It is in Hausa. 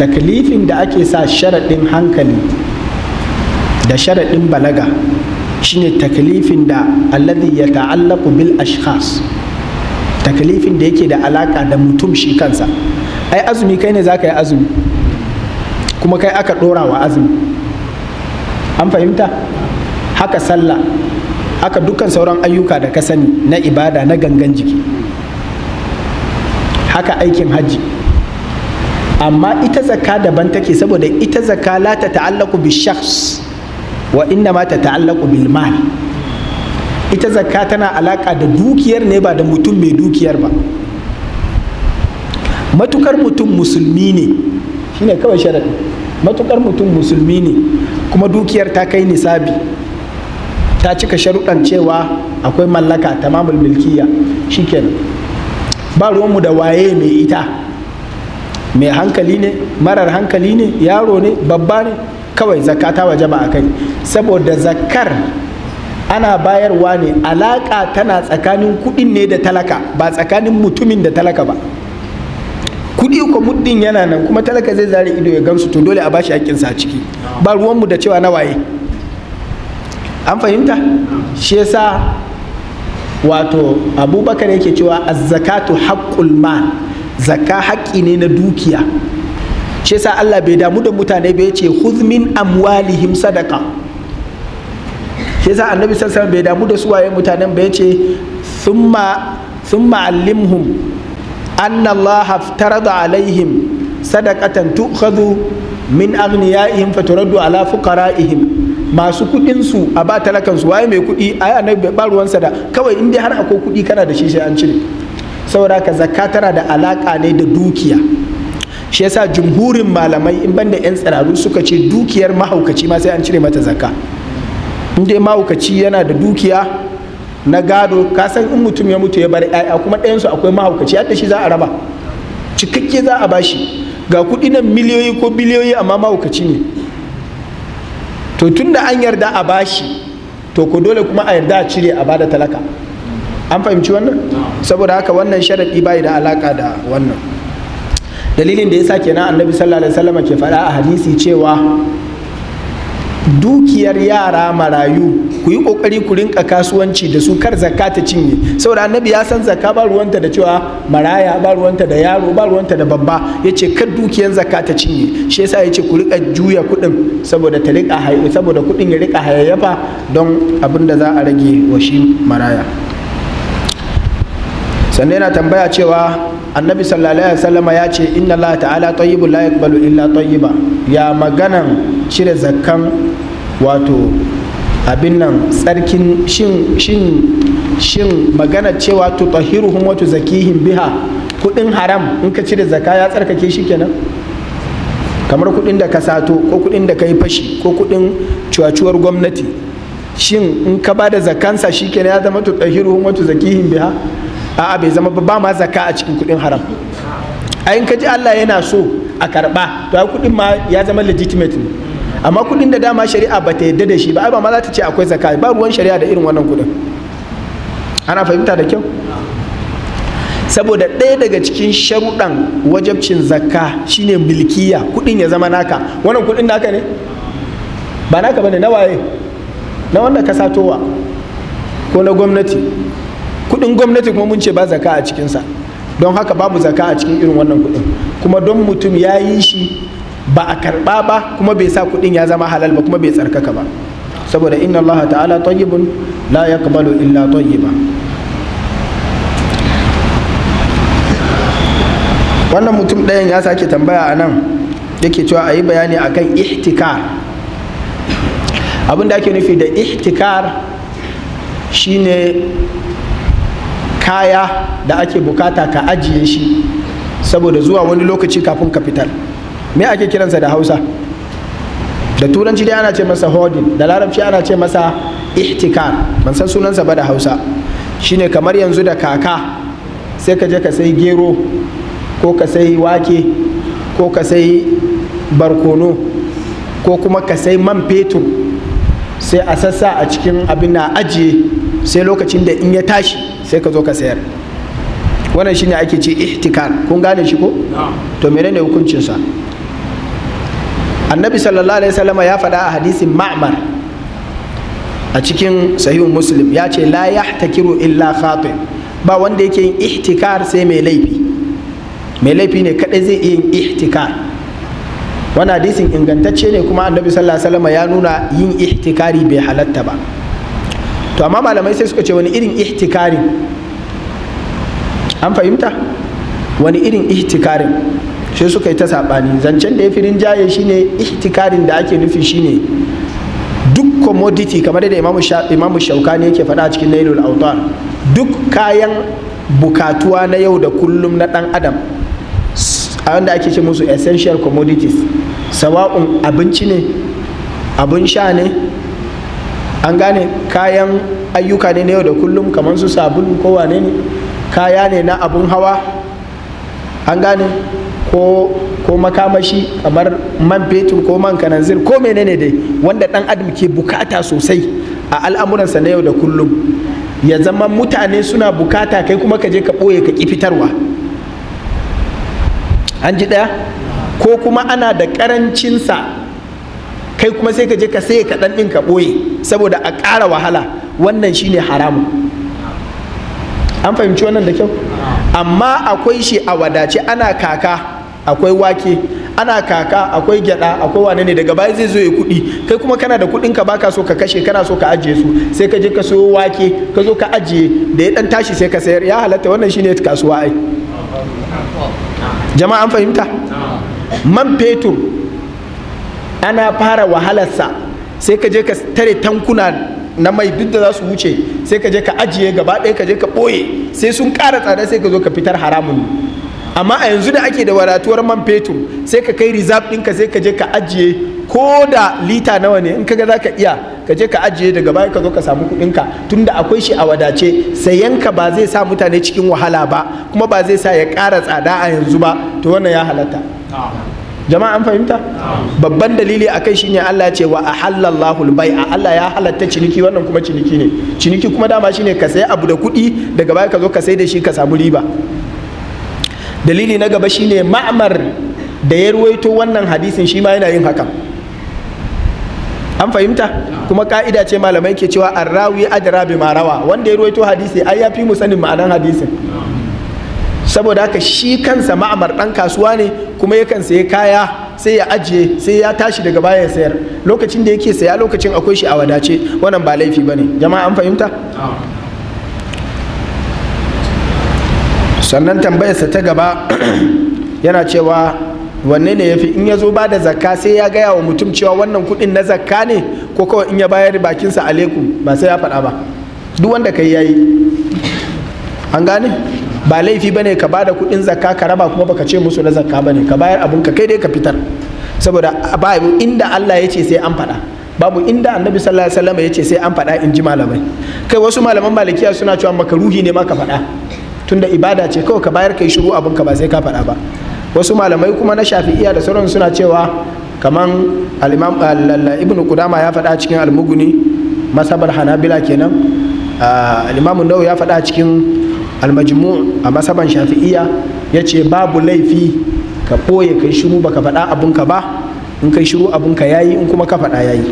taklifin da ake sa sharaɗin hankali da sharaɗin balaga shine taklifin da alladhi ya ta'allaku bil ashkhas taklifin da yake da alaka da mutum shi kansa ai azumi kai ne za ka yi azumi kuma kai aka ɗora wa azumi an fahimta haka sallah haka dukkan sauran ayyuka da ka sani na ibada na gangan jiki haka aikin hajji amma ita zaka daban take saboda ita zaka la ta ta'allaku bi shakhs wa inna ma ta ta'allaku bil mal ita zaka tana alaka da dukiyar ne ba da mutum mai dukiyar ba matukar mutum musulmi ne shine kawai sharadi matukar mutum musulmi ne kuma dukiyar ta kai nisabi ta cika sharuɗan cewa akwai mallaka tamamul milkiya shikenan ba ruwanmu da waye mai ita mai hankali ne marar hankali ne yaro ne babba ne kawai zakata ta waje ba a kai saboda zakar ana bayarwa ne alaƙa tana tsakanin kuɗin ne da talaka ba tsakanin mutumin da talaka ba kuɗi ko muddin yana nan kuma talaka zai zare ido ya gamsu to dole a bashi haƙƙinsa a ciki ba ruwanmu da cewa na waye an fahimta shi yasa wato abubakar yake cewa azzakatu haqqul mal Zaka haƙƙi ne na dukiya shi yasa Allah bai damu da mutane bai ce huzmin amwalihim sadaka shi yasa annabi sassan bai damu da suwaye mutanen bai ce sun summa allimhum anna Allah alaihim sadaqatan tu'khadhu min aghniyaihim faturaddu ala fuqara'ihim masu kudin su a ba talakansu waye mai kudi ai annabi ba ruwansa da kawai in dai har akwai kuɗi kana da shi sai an cire saboda ka zakka tana da alaka ne da dukiya shi yasa jumhurin malamai in banda yan tsiraru suka ce dukiyar mahaukaci ma sai an cire mata zakka in dai mahaukaci yana da dukiya na gado kasan in mutum ya mutu ya bar yaya kuma ɗayansu akwai mahaukaci yadda shi za a raba cikakke za a bashi ga kuɗi nan miliyoyi ko biliyoyi amma mahaukaci ne to tun an yarda a bashi to ko dole kuma a yarda a cire a bada talaka an fahimci wannan saboda haka wannan sharadi ba da alaka da wannan dalilin da ya yasa kenan annabi sallallahu alaihi wasallam ke faɗa a hadisi cewa dukiyar yara marayu ku yi kokari ku rinka kasuwanci da su kar zakka ta cinye saboda annabi ya san zakka ba ruwanta da cewa maraya ba ruwanta da yaro ba ruwanta da babba yace kar dukiyar zakka ta cinye shi yasa yace ku rika juya kudin saboda ta rika saboda kudin ya rika hayayyafa don abinda za a rage wa shi maraya sannan yana tambaya cewa annabi sallallahu alaihi wasallam ya ce inna Allah ta'ala tayyibun la yaqbalu illa tayyiba ya maganan cire zakkan wato abin nan tsarkin shin shin shin magana cewa tu tahiruhum wa tuzakihim biha kudin haram in ka cire zakka ya tsarkake shi kenan kamar kudin da ka sato ko kudin da ka yi fashi ko kudin cuwacuwar gwamnati shin in ka ba da zakansa shi kenan ya zama tu tahiruhum wa tuzakihim biha a'a bai zama ba ma zaka a cikin kudin haram a ka ji Allah yana so a karba to ai kuɗin ma ya zama legitimate ne amma kuɗin da dama shari'a ba ta yadda da shi ba ai ba ma za ta ce akwai zaka ba ruwan shari'a da irin wannan kuɗin ana fahimta da kyau saboda ɗaya daga cikin sharuɗan wajabcin zaka shine milkiya kuɗin ya zama naka wannan kuɗin naka ne ba naka bane na waye na wanda ka satowa ko na gwamnati kudin gwamnati kuma mun ce ba zaka a cikinsa don haka babu zaka a cikin irin wannan kudin kuma don mutum ya yi shi ba a karba ba kuma bai sa kudin ya zama halal ba kuma bai tsarkaka ba saboda inna Allah ta'ala tayyibun la yaqbalu illa tayyiba wannan mutum ɗayan ya sake tambaya a nan yake cewa a yi bayani akan ihtikar abin da ake nufi da ihtikar shine kaya da ake bukata ka ajiye shi saboda zuwa wani lokaci kafin ka fitar me ake kiransa da hausa da turanci dai ana ce masa hoarding da larabci ana ce masa ihtikar ban san sunansa ba da hausa shine kamar yanzu da kaka sai ka je ka sai gero ko ka sai wake ko ka sai barkono ko kuma ka sai man fetur sai a sassa a cikin abin na ajiye sai lokacin da in ya tashi sai ka zo ka sayar wannan shine ake ce ihtikar kun gane shi ko to menene hukuncinsa annabi sallallahu alaihi wasallam ya faɗa a hadisin ma'mar a cikin sahihun muslim ya ce la yahtakiru illa khatib ba wanda yake yin ihtikar sai mai laifi mai laifi ne kadai zai yin ihtikar wannan hadisin ingantacce ne kuma annabi sallallahu alaihi wasallam ya nuna yin ihtikari bai halatta ba to amma malamai sai suka ce wani irin ihtikari an fahimta wani irin ihtikarin sai suka yi ta saɓani zancen da ya firin jaye shine ihtikarin da ake nufi shine duk commodity kamar da imamu Shauka ne yake faɗa cikin nailul autar duk kayan bukatuwa na yau da kullum na ɗan adam a wanda ake ce musu essential commodities sawa'un abinci ne abin sha ne an gane kayan ayyuka ne na yau da kullum kamar su sabulu ko ne kaya ne na abun hawa an gane ko ko makamashi kamar man fetur ko man kananzir ko menene dai wanda dan adam ke bukata sosai a al'amuransa na yau da kullum ya zama mutane suna bukata kai kuma ka je ka ɓoye ka ƙi fitarwa an ji ɗaya ko kuma ana da ƙarancinsa kai kuma sai ka je ka sai ka ɗin ka ɓoye saboda a ƙara wahala wannan shine haramu. an fahimci wannan da kyau amma akwai shi a wadace ana kaka akwai wake ana kaka akwai gyada akwai wane ne daga baya zai zo ya kuɗi kai kuma kana da kuɗin ka baka so ka kashe kana so ka ajiye su sai ka je ka siyo wake ka zo ka ajiye da ya dan tashi sai ka sayar ya halatta wannan shine kasuwa ai Jama'an fahimta man fetur ana fara wahalarsa sai ka je ka tare tankuna na mai duk da za su wuce sai ka je ka ajiye gaba ɗaya ka je ka ɓoye sai sun ƙara tsada sai ka zo ka fitar haramun amma a yanzu da ake da wadatuwar man fetur sai ka kai reserve ɗinka sai ka je ka ajiye ko da lita nawa ne in kaga za ka iya ka je ka ajiye daga baya ka zo ka samu kuɗinka tunda akwai shi a wadace sayanka ba zai sa mutane cikin wahala ba kuma ba zai sa ya ƙara tsada a yanzu ba to wannan ya halatta jama'a an fahimta babban dalili a kai shine Allah ya ce wa ahallallahu bai'a Allah ya halatta ciniki wannan kuma ciniki ne ciniki kuma dama shine ka sayi abu da kuɗi daga baya ka zo ka sai da shi ka samu riba dalili na gaba shine ma'amar da ya ruwaito wannan hadisin shi ma yana yin haka an fahimta kuma ka'ida ce malamai ke cewa arrawi adra bi marawa wanda ya ruwaito hadisi ai ya fi mu sanin ma'anan hadisin saboda haka shi kansa ma'amar ɗan kasuwa ne kuma yakan sayi kaya sai ya ajiye sai ya tashi daga baya sayar lokacin da yake saya lokacin akwai shi a wadace wannan ba laifi ba ne jama'a an fahimta sannan tambayarsa ta gaba yana cewa wanne ne ya fi in ya zo ba da zakka sai ya gaya wa mutum cewa wannan kudin na zakka ne ko kawai in ya bayar bakinsa aleku ba sai ya faɗa ba duk wanda ka yi yayi an gane ba laifi ba ne ka ba da kuɗin zakka ka raba kuma baka ce musu na zakka ba ne ka bayar abun ka kai dai ka fitar saboda babu inda Allah ya ce sai an faɗa babu inda annabi sallallahu alaihi wasallam ya ce sai an faɗa in ji malamai kai wasu malaman malikiya suna cewa ruhi ne ma ka faɗa tunda ibada ce kawai ka bayar kai shiru abun ka ba sai ka faɗa ba wasu malamai kuma na shafi'iya da sauran suna cewa kaman al-imam ibn qudama ya faɗa cikin al-mughni masabar hanabila kenan ah, al-imam nawawi ya faɗa cikin almajmu a masaban shafi'iya ya ce babu laifi ka ɓoye kai shiru baka faɗa ka ba in kai shiru ya yayi in kuma ka faɗa yayi